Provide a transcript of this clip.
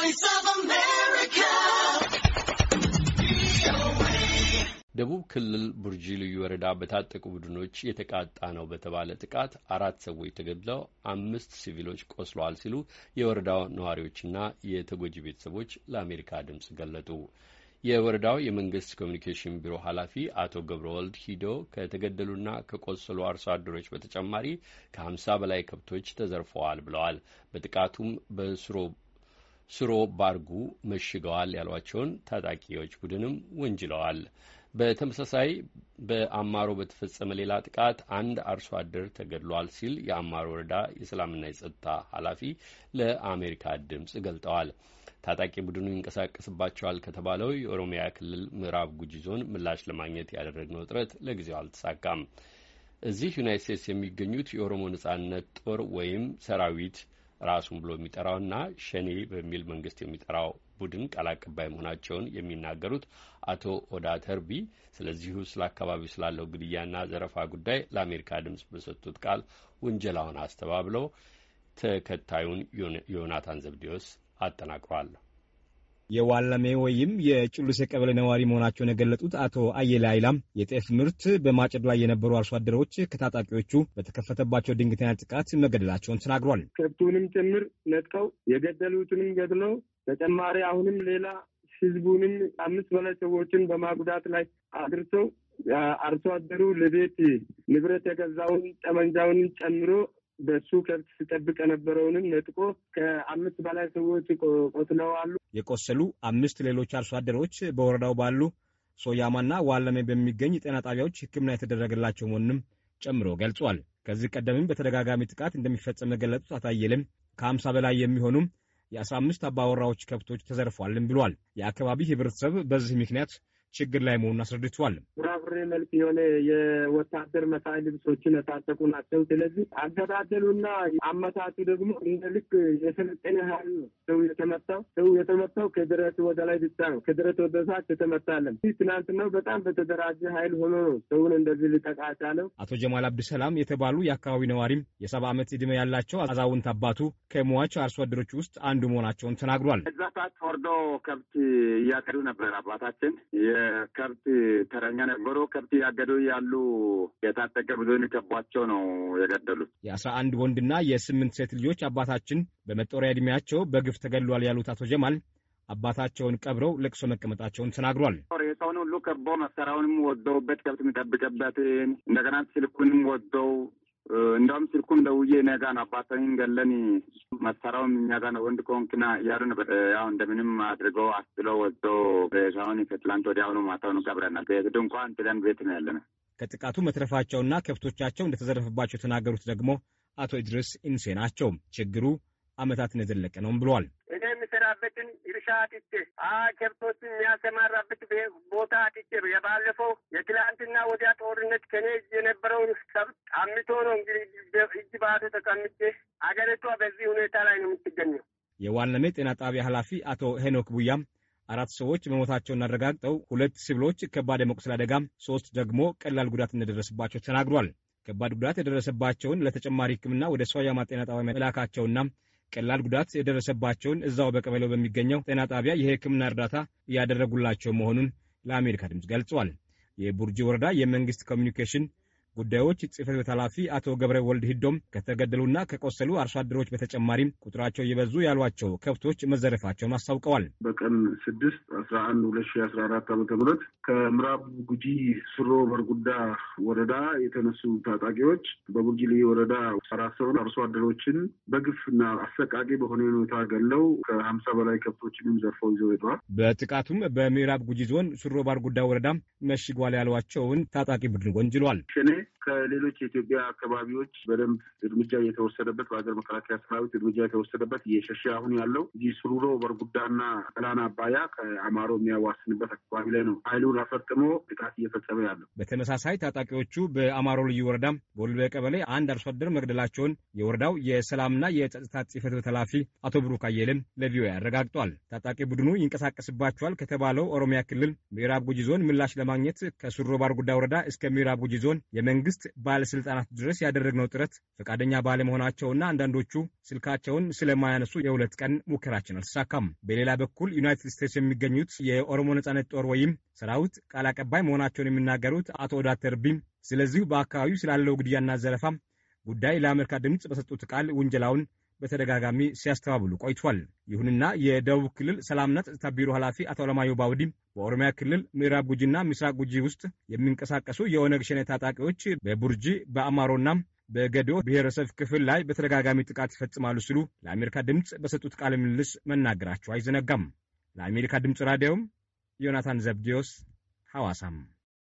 ቮይስ ኦፍ አሜሪካ ደቡብ ክልል ቡርጂ ልዩ ወረዳ በታጠቁ ቡድኖች የተቃጣ ነው በተባለ ጥቃት አራት ሰዎች ተገድለው አምስት ሲቪሎች ቆስለዋል ሲሉ የወረዳው ነዋሪዎችና የተጎጂ ቤተሰቦች ለአሜሪካ ድምፅ ገለጡ። የወረዳው የመንግስት ኮሚኒኬሽን ቢሮ ኃላፊ አቶ ገብረ ወልድ ሂዶ ከተገደሉና ከቆሰሉ አርሶ አደሮች በተጨማሪ ከ50 በላይ ከብቶች ተዘርፈዋል ብለዋል። በጥቃቱም በስሮ ስሮ ባርጉ መሽገዋል ያሏቸውን ታጣቂዎች ቡድንም ወንጅለዋል። በተመሳሳይ በአማሮ በተፈጸመ ሌላ ጥቃት አንድ አርሶ አደር ተገድሏል ሲል የአማሮ ወረዳ የሰላምና የጸጥታ ኃላፊ ለአሜሪካ ድምፅ ገልጠዋል። ታጣቂ ቡድኑ ይንቀሳቀስባቸዋል ከተባለው የኦሮሚያ ክልል ምዕራብ ጉጂ ዞን ምላሽ ለማግኘት ያደረግነው ጥረት ለጊዜው አልተሳካም። እዚህ ዩናይት ስቴትስ የሚገኙት የኦሮሞ ነጻነት ጦር ወይም ሰራዊት ራሱን ብሎ የሚጠራውና ሸኔ በሚል መንግስት የሚጠራው ቡድን ቃል አቀባይ መሆናቸውን የሚናገሩት አቶ ኦዳ ተርቢ ስለዚሁ ስለ አካባቢው ስላለው ግድያና ዘረፋ ጉዳይ ለአሜሪካ ድምጽ በሰጡት ቃል ውንጀላውን አስተባብለው ተከታዩን ዮናታን ዘብዴዎስ አጠናቅሯል። የዋላሜ ወይም የጭሉሴ ቀበሌ ነዋሪ መሆናቸውን የገለጡት አቶ አየለ አይላም የጤፍ ምርት በማጨድ ላይ የነበሩ አርሶ አደሮች ከታጣቂዎቹ በተከፈተባቸው ድንገተኛ ጥቃት መገደላቸውን ተናግሯል። ከብቱንም ጭምር ነጥቀው የገደሉትንም ገድለው ተጨማሪ አሁንም ሌላ ህዝቡንም አምስት በላይ ሰዎችን በማጉዳት ላይ አድርሰው አርሶ አደሩ ለቤት ንብረት የገዛውን ጠመንጃውን ጨምሮ በሱ ከብት ስጠብቅ የነበረውንም ነጥቆ ከአምስት በላይ ሰዎች ቆስለዋሉ። የቆሰሉ አምስት ሌሎች አርሶ አደሮች በወረዳው ባሉ ሶያማና ዋለሜ በሚገኝ ጤና ጣቢያዎች ሕክምና የተደረገላቸው መሆኑንም ጨምሮ ገልጿል። ከዚህ ቀደምም በተደጋጋሚ ጥቃት እንደሚፈጸም የገለጹት አታየልም ከአምሳ በላይ የሚሆኑም የአስራ አምስት አባወራዎች ከብቶች ተዘርፏልም ብሏል። የአካባቢ ህብረተሰብ በዚህ ምክንያት ችግር ላይ መሆኑን አስረድቷል። ፍራፍሬ መልክ የሆነ የወታደር መሳይ ልብሶችን የታጠቁ ናቸው። ስለዚህ አገዳደሉና አመታቱ ደግሞ እንደ ልክ የሰለጠነ ኃይል ነው። ሰው የተመታው ሰው የተመታው ከድረት ወደ ላይ ብቻ ነው። ከድረት ወደ ታች የተመታለን። ትናንትናው በጣም በተደራጀ ኃይል ሆኖ ነው ሰውን እንደዚህ ሊጠቃ ቻለው። አቶ ጀማል አብድሰላም የተባሉ የአካባቢ ነዋሪም የሰባ ዓመት እድሜ ያላቸው አዛውንት አባቱ ከሟች አርሶ አደሮች ውስጥ አንዱ መሆናቸውን ተናግሯል። እዛ ታች ወርዶ ከብት እያቀዱ ነበር አባታችን ከብት ተረኛ ነበሩ። ከብት እያገዱ ያሉ የታጠቀ ብዙን ከቧቸው ነው የገደሉት። የአስራ አንድ ወንድና የስምንት ሴት ልጆች አባታችን በመጦሪያ ዕድሜያቸው በግፍ ተገሏል ያሉት አቶ ጀማል አባታቸውን ቀብረው ለቅሶ መቀመጣቸውን ተናግሯል። ሬሳውን ሁሉ ከበው መሰራውንም ወደውበት ከብት የሚጠብቅበትን እንደገና ስልኩንም ወደው እንዳውም ስልኩም ደውዬ እኔ ጋ ነው አባተህን ገለን መሰራውም እኛ ጋ ነው ወንድ ከሆንክና እያሉ ነበር። ያው እንደምንም አድርገው አስጥለው ወስዶ ሬሳውን ከትላንት ወዲያውኑ ማታውን ቀብረናል። ድንኳን ጥለን ቤት ነው ያለነው። ከጥቃቱ መትረፋቸውና ከብቶቻቸው እንደተዘረፈባቸው የተናገሩት ደግሞ አቶ ኢድሪስ ኢንሴ ናቸው። ችግሩ አመታት የዘለቀ ነውም ብሏል። የሚሰራበትን እርሻ አጥቼ አ የሚያሰማራበት ቦታ አጥቼ የባለፈው የትላንትና ወዲያ ጦርነት ከኔ የነበረውን ከብት አምቶ ነው እንግዲህ እጅ ባዶ ተቀምጬ አገሪቷ በዚህ ሁኔታ ላይ ነው የምትገኘው። የዋለሜ ጤና ጣቢያ ኃላፊ አቶ ሄኖክ ቡያም አራት ሰዎች መሞታቸውን አረጋግጠው ሁለት ሲቪሎች ከባድ የመቁሰል አደጋ፣ ሶስት ደግሞ ቀላል ጉዳት እንደደረሰባቸው ተናግሯል። ከባድ ጉዳት የደረሰባቸውን ለተጨማሪ ሕክምና ወደ ሶያማ ጤና ጣቢያ መላካቸውና ቀላል ጉዳት የደረሰባቸውን እዛው በቀበሌው በሚገኘው ጤና ጣቢያ የሕክምና እርዳታ እያደረጉላቸው መሆኑን ለአሜሪካ ድምፅ ገልጿል። የቡርጂ ወረዳ የመንግስት ኮሚኒኬሽን ጉዳዮች ጽህፈት ቤት ኃላፊ አቶ ገብረ ወልድ ሂዶም ከተገደሉና ከቆሰሉ አርሶ አደሮች በተጨማሪም ቁጥራቸው የበዙ ያሏቸው ከብቶች መዘረፋቸውን አስታውቀዋል። በቀን ስድስት አስራ አንድ ሁለት ሺ አስራ አራት ዓመተ ምህረት ከምዕራብ ጉጂ ስሮ በርጉዳ ወረዳ የተነሱ ታጣቂዎች በጉጂ ወረዳ አራት ሰውን አርሶ አደሮችን በግፍና አሰቃቂ በሆነ ሁኔታ ገለው ከሀምሳ በላይ ከብቶችንም ዘርፈው ይዘው ሄደዋል። በጥቃቱም በምዕራብ ጉጂ ዞን ስሮ ባርጉዳ ወረዳ መሽጓል ያሏቸውን ታጣቂ ቡድን ወንጅሏል። ከሌሎች የኢትዮጵያ አካባቢዎች በደንብ እርምጃ የተወሰደበት በሀገር መከላከያ ሰራዊት እርምጃ የተወሰደበት እየሸሸ አሁን ያለው እዚህ ሱሩሮ በርጉዳና ጠላና አባያ ከአማሮ የሚያዋስንበት አካባቢ ላይ ነው ኃይሉን አፈርጥሞ ጥቃት እየፈጸመ ያለው። በተመሳሳይ ታጣቂዎቹ በአማሮ ልዩ ወረዳ በወልበ ቀበሌ አንድ አርሶ አደር መግደላቸውን የወረዳው የሰላምና የጸጥታ ጽፈት ቤት ኃላፊ አቶ ብሩክ አየልም ለቪኦኤ አረጋግጧል። ታጣቂ ቡድኑ ይንቀሳቀስባቸዋል ከተባለው ኦሮሚያ ክልል ምዕራብ ጉጂ ዞን ምላሽ ለማግኘት ከሱሮ ባርጉዳ ወረዳ እስከ ምዕራብ ጉጂ ዞን መንግስት ባለስልጣናት ድረስ ያደረግነው ጥረት ፈቃደኛ ባለመሆናቸውና አንዳንዶቹ ስልካቸውን ስለማያነሱ የሁለት ቀን ሙከራችን አልተሳካም። በሌላ በኩል ዩናይትድ ስቴትስ የሚገኙት የኦሮሞ ነጻነት ጦር ወይም ሰራዊት ቃል አቀባይ መሆናቸውን የሚናገሩት አቶ ወዳ ቢም ስለዚሁ በአካባቢው ስላለው ግድያና ዘረፋ ጉዳይ ለአሜሪካ ድምፅ በሰጡት ቃል ውንጀላውን በተደጋጋሚ ሲያስተባብሉ ቆይቷል። ይሁንና የደቡብ ክልል ሰላምና ጸጥታ ቢሮ ኃላፊ አቶ አለማዮ ባውዲ በኦሮሚያ ክልል ምዕራብ ጉጂና ምስራቅ ጉጂ ውስጥ የሚንቀሳቀሱ የኦነግ ሸኔ ታጣቂዎች በቡርጂ በአማሮና በገዶ ብሔረሰብ ክፍል ላይ በተደጋጋሚ ጥቃት ይፈጽማሉ ሲሉ ለአሜሪካ ድምፅ በሰጡት ቃለ ምልልስ መናገራቸው አይዘነጋም። ለአሜሪካ ድምፅ ራዲዮም ዮናታን ዘብዲዮስ ሐዋሳም